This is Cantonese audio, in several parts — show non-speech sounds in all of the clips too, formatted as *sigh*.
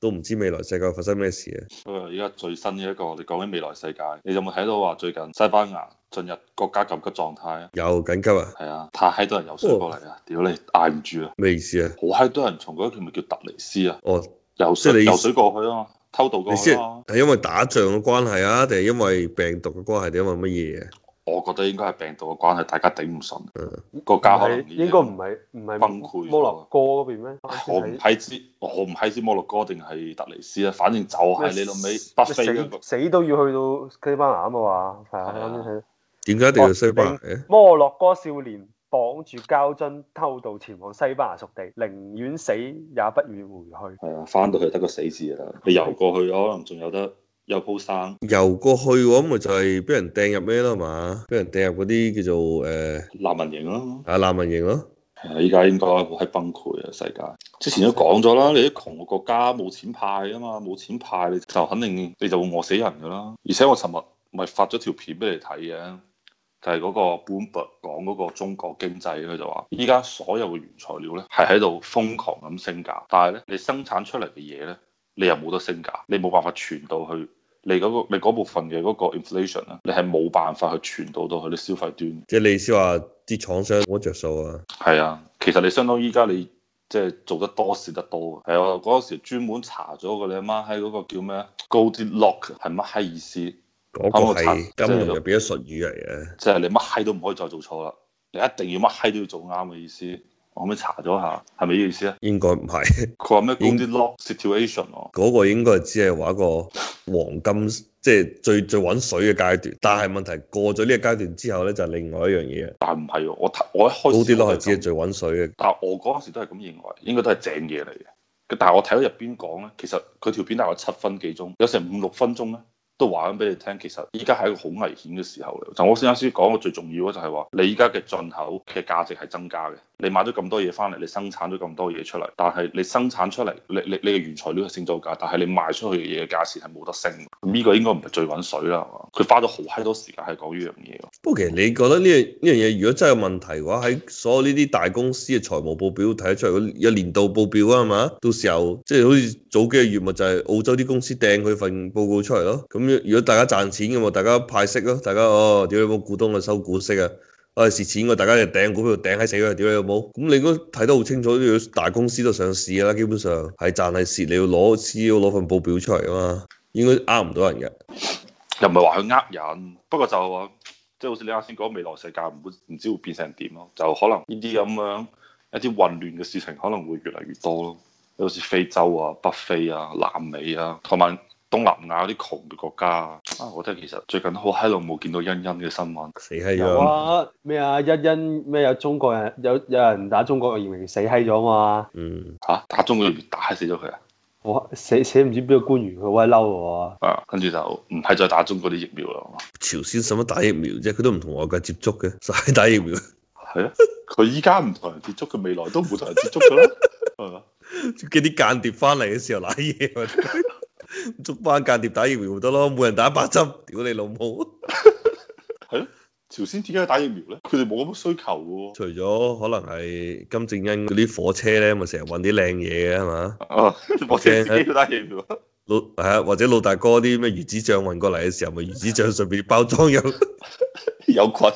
都唔知未來世界發生咩事啊！咁啊，依家最新嘅一個，你講緊未來世界，你有冇睇到話最近西班牙進入國家緊急狀態啊？有緊急啊！係啊，太閪多人游水過嚟啊！屌、哦、你，嗌唔住啊！咩意思啊？好閪多人從嗰條咪叫特尼斯啊！哦，游水你游水過去啊，偷渡過去咯，啊。係因為打仗嘅關係啊，定係因為病毒嘅關係，定因為乜嘢啊？我覺得應該係病毒嘅關係，大家頂唔順。嗯的個家可能應該唔係唔係崩潰。摩洛哥嗰邊咩？我唔係知我唔係知摩洛哥定係特尼斯啊，反正就係你老味，麼不飛死，死都要去到西班牙啊嘛。係啊。點解的一定要西班牙？摩洛哥少年綁住膠樽，偷渡前往西班牙屬地，寧願死也不願回去。係啊，翻到去得個死字啦。的你游過去可能仲有得。有鋪生游過去，咁咪就係俾人掟入咩咯？係嘛，俾人掟入嗰啲叫做誒難、呃、民營咯、啊。係難、啊、民營咯、啊。係而家應該喺崩潰啊！世界之前都講咗啦，你啲窮嘅國家冇錢派啊嘛，冇錢派你就肯定你就會餓死人噶啦。而且我尋日咪發咗條片俾你睇嘅，就係、是、嗰個 Bloomberg 講嗰個中國經濟，佢就話：依家所有嘅原材料咧係喺度瘋狂咁升價，但係咧你生產出嚟嘅嘢咧，你又冇得升價，你冇辦法傳到去。你嗰、那個、你部分嘅嗰個 inflation 啊，你係冇辦法去傳導到去你消費端，即係你意思話啲廠商冇得著數啊。係啊，其實你相當於依家你即係、就是、做得多蝕得多嘅。係我嗰時專門查咗嘅、那個，你阿媽喺嗰個叫咩 Goldilock 係乜閪意思？嗰個係金融入邊嘅術語嚟嘅、就是，即、就、係、是、你乜閪都唔可以再做錯啦，你一定要乜閪都要做啱嘅意思。我可唔可以查咗下，係咪呢意思啊？應該唔係，佢話咩 Goldilocks situation 嗰個應該係只係話一個黃金，即係最最搵水嘅階段。但係問題過咗呢個階段之後咧，就係另外一樣嘢。但唔係，我睇我一開始 Goldilocks 係只係最搵水嘅。但係我嗰陣時都係咁認為，應該都係正嘢嚟嘅。但係我睇到入邊講咧，其實佢條片大概七分幾鐘，有成五六分鐘咧。都話緊俾你聽，其實依家係一個好危險嘅時候嚟。就我先頭先講，個最重要嘅就係話，你依家嘅進口嘅價值係增加嘅。你買咗咁多嘢翻嚟，你生產咗咁多嘢出嚟，但係你生產出嚟，你你你嘅原材料係升咗價，但係你賣出去嘅嘢嘅價錢係冇得升。呢、這個應該唔係最揾水啦。佢花咗好閪多時間係講呢樣嘢。不過其實你覺得呢呢樣嘢，如果真係有問題嘅話，喺所有呢啲大公司嘅財務報表睇得出嚟。一年度報表啊，係嘛？到時候即係、就是、好似早幾個月，咪就係澳洲啲公司掟佢份報告出嚟咯。咁如果大家賺錢嘅嘛，大家派息咯，大家哦，點解冇股東去收股息啊？我係蝕錢嘅，大家就頂股票頂喺死啊？點有冇？咁你應該睇得好清楚，啲大公司都上市啦，基本上係賺係蝕，你要攞，資料、攞份報表出嚟啊嘛，應該呃唔到人嘅。又唔係話佢呃人，不過就話即係好似你啱先講未來世界唔會唔知會變成點咯，就可能呢啲咁樣一啲混亂嘅事情可能會越嚟越多咯，好似非洲啊、北非啊、南美啊同埋。東南亞嗰啲窮嘅國家啊，我覺得其實最近好喺度冇見到欣欣嘅新聞，死閪樣。有啊，咩 *noise* 啊樂，欣欣咩有中國人有有人打中國疫苗死閪咗啊嘛？嗯。吓、啊，打中國疫苗打死咗佢啊？我死死唔知邊個官員佢好嬲嘅啊，跟住就唔係再打中國啲疫苗啦。啊啊啊啊啊、朝鮮使乜打疫苗啫？佢都唔同外界接觸嘅，使打疫苗？係啊，佢依家唔同人接觸，佢未來都唔同人接觸噶啦。係嘛？見啲間諜翻嚟嘅時候瀨嘢。 *laughs* 笑 *laughs* 捉翻間諜打疫苗咪得咯，每人打一百針，屌你老母！係咯、 *laughs* 啊，朝鮮點解打疫苗咧？佢哋冇咁需求喎。除咗可能係金正恩嗰啲火車咧，咪成日運啲靚嘢嘅係嘛？哦，火車、啊、自，自己打疫苗。老係啊，或者老大哥啲咩魚子醬運過嚟嘅時候，咪魚子醬上邊包裝有 *laughs* *laughs* 有菌。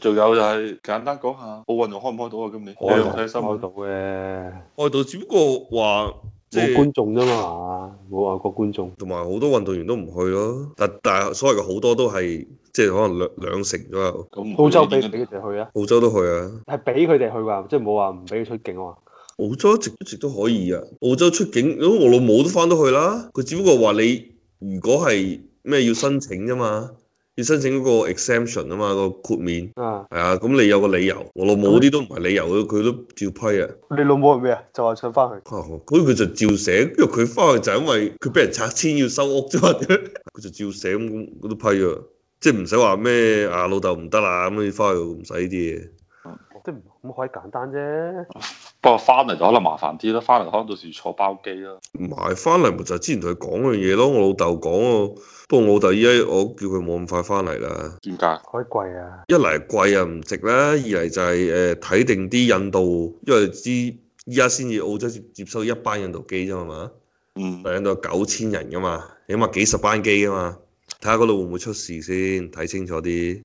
仲 *laughs* *laughs* 有就係簡單講下奧運仲開唔開到啊？今年開唔、啊、開，開？開到嘅，開、啊、到只不過話。冇觀眾啫嘛、啊，冇話個觀眾，同埋好多運動員都唔去咯。但但係所謂嘅好多都係，即係可能兩兩成左右。澳洲俾唔俾佢哋去啊？澳洲都去啊？係俾佢哋去啩、啊啊，即係冇話唔俾佢出境啊嘛。澳洲一直一直都可以啊。澳洲出境，咁我老母都翻得去啦。佢只不過話你如果係咩要申請啫嘛。要申請嗰個 exemption 啊嘛，個豁免，係啊，咁、啊、你有個理由，我老母啲都唔係理由，佢都照批啊。你老母係咩啊？就話想翻去。啊，佢就照寫，因為佢翻去就因為佢俾人拆遷要收屋啫嘛，佢 *laughs* 就照寫咁，佢都批、就是、啊，即係唔使話咩啊老豆唔得啦咁你要翻去，唔使呢啲嘢。即係唔可以簡單啫。我翻嚟就可能麻煩啲咯，翻嚟可能到時坐包機咯。唔係，翻嚟咪就之前同佢講嗰樣嘢咯。我老豆講，不過我老豆依家我叫佢冇咁快翻嚟啦。點解？因為貴啊。一嚟貴啊，唔值啦。二嚟就係誒睇定啲印度，因為知依家先至澳洲接接收一班印度機啫嘛。嗯。但印度有九千人噶嘛，起碼幾十班機噶嘛，睇下嗰度會唔會出事先，睇清楚啲。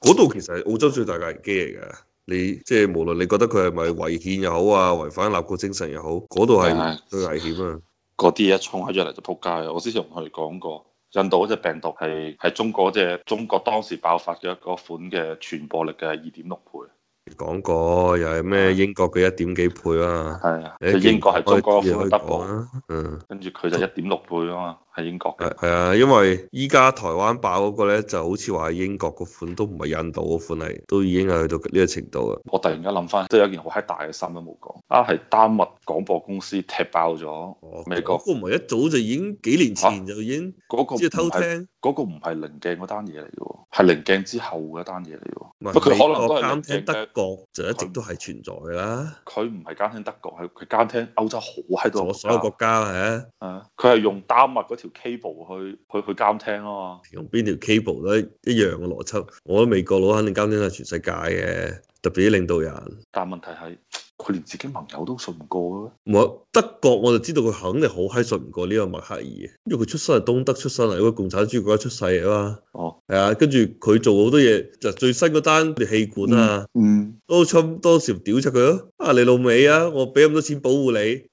嗰度 *laughs* 其實係澳洲最大嘅機嚟㗎。你即係無論你覺得佢係咪違憲又好啊，違反立國精神又好，嗰度係好危險啊！嗰啲嘢一衝起上嚟就撲街啊！我之前同佢哋講過，印度嗰隻病毒係係中國嗰隻、就係、中國當時爆發嘅嗰款嘅傳播力嘅二點六倍。講過，又係咩英國嘅一點幾倍啊，係啊，即係英國係做嗰個款，德國啊，嗯，跟住佢就一點六倍啊嘛，係英國，係係啊，因為依家台灣爆嗰個咧，就好似話係英國嗰款都唔係印度嗰款嚟，都已經係去到呢個程度啊，我突然間諗翻，都有一件好嗨大嘅新聞冇講，啊係丹麥廣播公司踢爆咗，美國嗰個唔係一早就已經幾年前就已經，即係、啊、那個、偷聽。嗰個唔係棱鏡嗰單嘢嚟嘅，係棱鏡之後嘅一單嘢嚟嘅。佢是可能都係監，監聽德國，就一直都係存在㗎啦。佢唔係監聽德國，係佢監聽歐洲好喺度。所有國家係啊，佢係、啊、用丹麥嗰條 cable 去去去監聽啊嘛。用邊條 cable 都一樣嘅邏輯。我覺得美國佬肯定監聽係全世界嘅，特別啲領導人。但問題係。佢連自己朋友都信唔過咯，唔係德國我就知道佢肯定好閪信唔過呢個默克爾，因為佢出身係東德出身啊，一個共產主義國家出世啊嘛。哦，係啊，跟住佢做好多嘢，就最新嗰單啲氣管啊嗯，嗯，都差唔多時屌出佢咯，啊你老味啊，我俾咁多錢保護你，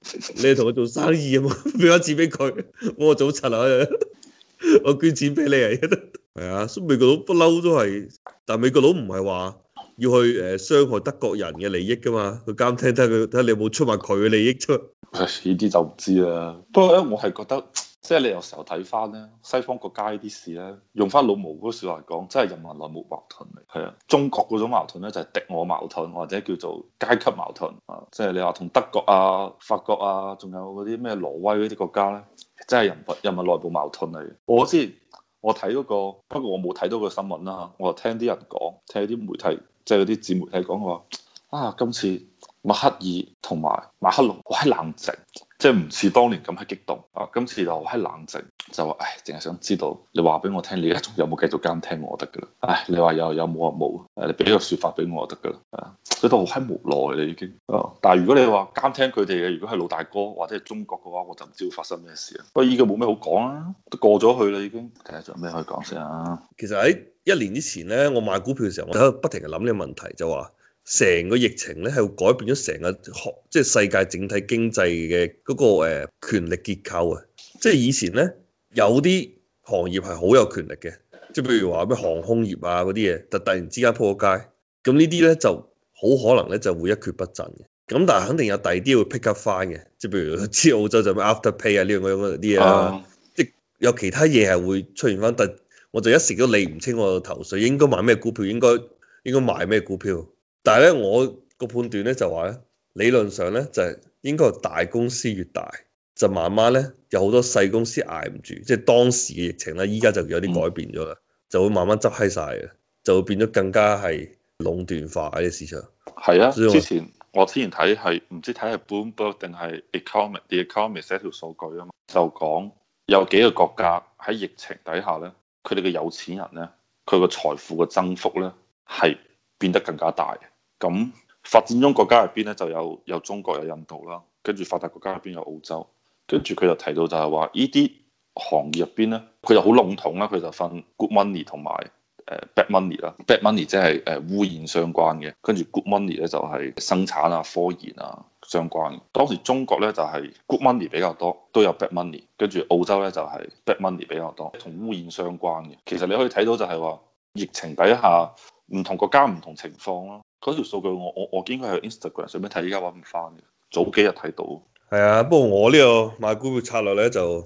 你同佢做生意啊嘛，俾翻 *laughs* *laughs* 錢俾佢，我早柒啊， *laughs* 我捐錢俾你啊，係 *laughs* 啊，所以美國佬不嬲都係，但美國佬唔係話。要去誒傷害德國人嘅利益㗎嘛？佢監聽，睇下佢，睇下你有冇出賣佢嘅利益出。呢啲就唔知啦。不過咧，我係覺得即係、就是、你有時候睇翻咧西方國家呢啲事咧，用翻老毛嗰句話嚟講，真係人民內部矛盾嚟。係啊，中國嗰種矛盾咧就係、是、敵我矛盾或者叫做階級矛盾啊，即、就、係、是、你話同德國啊、法國啊，仲有嗰啲咩挪威嗰啲國家咧，真係人民人民內部矛盾嚟。我先我睇嗰個，不過我冇睇到個新聞啦，我聽啲人講，聽啲媒體。即係嗰啲自媒體講話啊，今次默克爾同埋馬克龍，我喺冷靜，即係唔似當年咁喺激動啊。今次就喺冷靜，就話唉，淨係想知道你話俾我聽，你而家仲有冇繼續監聽我得㗎啦？唉，你話有，有冇啊冇，你俾個説法俾我就得㗎啦。你都好喺無奈啦已經。啊，但係如果你話監聽佢哋嘅，如果係老大哥或者係中國嘅話，我就唔知會發生咩事啦。不過依家冇咩好講啊，都過咗去啦已經。睇下仲有咩可以講先啊。其實喺一年之前咧，我買股票嘅時候，我喺度不停嘅諗呢個問題，就話成個疫情咧係會改變咗成個學即係世界整體經濟嘅嗰個誒權力結構啊！即係以前咧有啲行業係好有權力嘅，即係譬如話咩航空業啊嗰啲嘢，但突然之間仆街，咁呢啲咧就好可能咧就會一蹶不振嘅。咁但係肯定有第二啲會 pick up 翻嘅，即係譬如喺澳洲就咩 after pay 啊呢樣嗰樣嗰啲啊，即係有其他嘢係會出現翻，但我就一時都理唔清我個頭緒應該買咩股票，應該應該買咩股票。但係咧，我個判斷咧就話咧，理論上咧就係、是、應該大公司越大，就慢慢咧有好多細公司捱唔住，即係當時嘅疫情咧，依家就有啲改變咗啦，嗯、就會慢慢執閪晒嘅，就會變咗更加係壟斷化喺啲市場。係啊，之前我之前睇係唔知睇係 Bloomberg 定係 Economist，Economist 一條數據啊嘛，就講有幾個國家喺疫情底下咧。佢哋嘅有錢人咧，佢個財富嘅增幅咧係變得更加大。咁發展中國家入邊咧就有有中國有印度啦，跟住發達國家入邊有澳洲，跟住佢就提到就係話呢啲行業入邊咧，佢就好籠統啦，佢就分 good money 同埋，誒 bad money 啦，bad money 即係誒污染相關嘅，跟住 good money 咧就係生產啊、科研啊相關嘅。當時中國咧就係 good money 比較多，都有 bad money。跟住澳洲咧就係 bad money 比較多，同污染相關嘅。其實你可以睇到就係話疫情底下唔同國家唔同情況咯。嗰條數據我我我見佢係 Instagram 上面睇，依家揾唔翻嘅。早幾日睇到。係啊，不過我呢個買股票策略咧就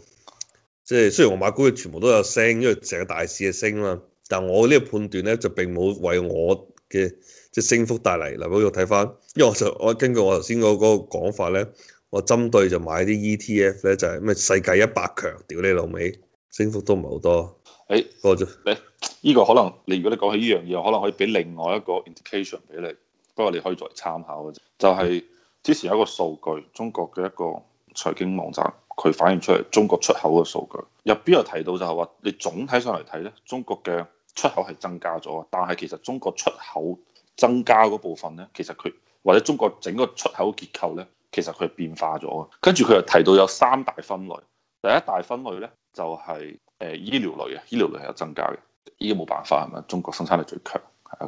即係、就係、雖然我買股票全部都有升，因為成個大市嘅升啊但我呢個判斷咧，就並冇為我嘅即係升幅帶嚟。嗱，我喺度睇翻，因為我就我根據我頭先嗰嗰個講法咧，我針對就買啲 ETF 咧，就係咩世界一百強，屌你老味，升幅都唔係好多。誒，過你呢個可能你如果你講起呢樣嘢，可能可以俾另外一個 indication 俾你，不過你可以再嚟參考嘅啫。就係之前有一個數據，中國嘅一個財經網站佢反映出嚟中國出口嘅數據，入邊又提到就係話，你總體上嚟睇咧，中國嘅。出口係增加咗，但係其實中國出口增加嗰部分咧，其實佢或者中國整個出口結構咧，其實佢係變化咗。跟住佢又提到有三大分類，第一大分類咧就係、是、誒醫療類啊，醫療類係有增加嘅，呢、這個冇辦法係咪？中國生產力最強，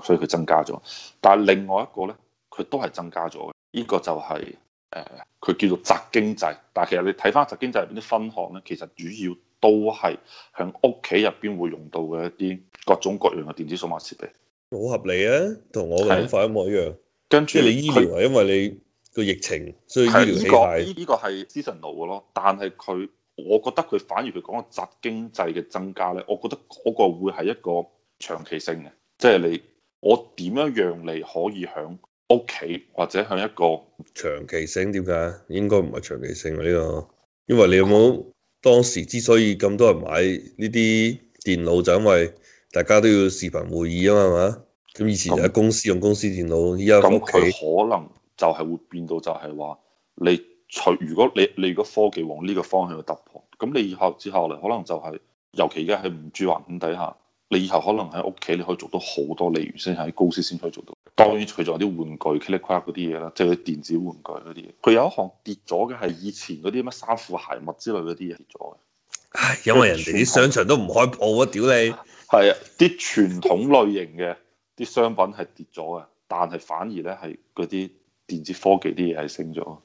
所以佢增加咗。但係另外一個咧，佢都係增加咗嘅，依、這個就係誒佢叫做宅經濟，但係其實你睇翻宅經濟入邊啲分項咧，其實主要。都係喺屋企入邊會用到嘅一啲各種各樣嘅電子數碼設備，好合理啊，同我嘅諗法一模一樣。跟住，你醫療，因為你個疫情，的所以醫療體系呢個呢、這個係資深佬咯。但係佢，我覺得佢反而佢講個集經濟嘅增加咧，我覺得嗰個會係一個長期性嘅，即、就、係、是、你我點樣讓你可以喺屋企或者喺一個長期性？點解？應該唔係長期性啊呢、這個，因為你有冇？當時之所以咁多人買呢啲電腦，就因為大家都要視頻會議啊嘛，咁以前就喺公司用公司電腦。咁佢那可能就係會變到就係話，你除如果你你如果科技往呢個方向去突破，咁你以後之後嚟可能就係、是、尤其而家喺唔住環境底下，你以後可能喺屋企你可以做到好多你原先喺公司先可以做到。當然除咗啲玩具，Kiclap 嗰啲嘢啦，即係啲電子玩具嗰啲嘢，佢有一項跌咗嘅係以前嗰啲乜衫褲鞋襪之類嗰啲嘢跌咗嘅。唉，因為人哋啲商場都唔開鋪啊！屌你，係啊， *laughs* 啲傳統類型嘅啲商品係跌咗嘅，但係反而咧係嗰啲電子科技啲嘢係升咗。